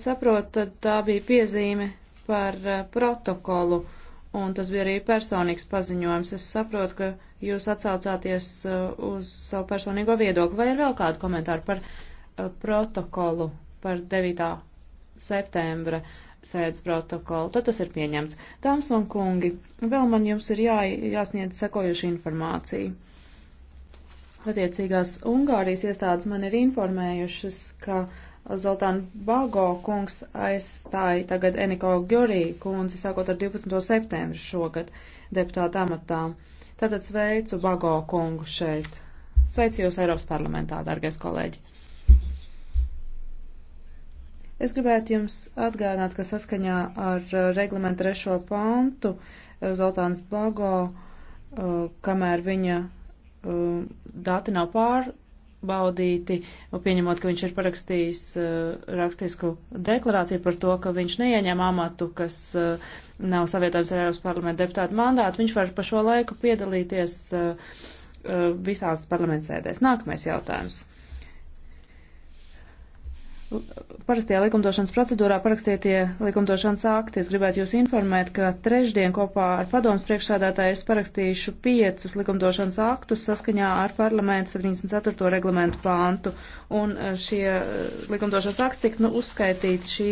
saprotu, tad tā bija piezīme par uh, protokolu, un tas bija arī personīgs paziņojums. Es saprotu, ka jūs atsaucāties uh, uz savu personīgo viedokli, vai ir vēl kādu komentāru par uh, protokolu, par 9. septembra sēdes protokolu. Tad tas ir pieņemts. Dāmas un kungi, vēl man jums ir jā, jāsniedz sekojuši informācija. Attiecīgās Ungārijas iestādes man ir informējušas, ka uh, Zoltāna Bago kungs aizstāja tagad Eniko Gjorī kundzi sākot ar 12. septembri šogad deputāta amatā. Tātad sveicu Bago kungu šeit. Sveicu jūs Eiropas parlamentā, dargais kolēģi. Es gribētu jums atgādināt, ka saskaņā ar uh, reglamentu trešo pantu uh, Zoltāns Bago, uh, kamēr viņa dati nav pār baudīti, pieņemot, ka viņš ir parakstījis eh, rakstisku deklarāciju par to, ka viņš neieņem amatu, kas eh, nav savietojams ar Eiropas parlamenta deputātu mandātu, viņš var pa šo laiku piedalīties eh, visās parlamentsēdēs. Nākamais jautājums parastajā likumdošanas procedūrā parakstītie likumdošanas akti. Es gribētu jūs informēt, ka trešdien kopā ar padomus priekšsādātāju es parakstīšu piecus likumdošanas aktus saskaņā ar parlamentu 74. reglamentu pāntu. Un eh, šie eh, likumdošanas akti tika nu, uzskaitīti šī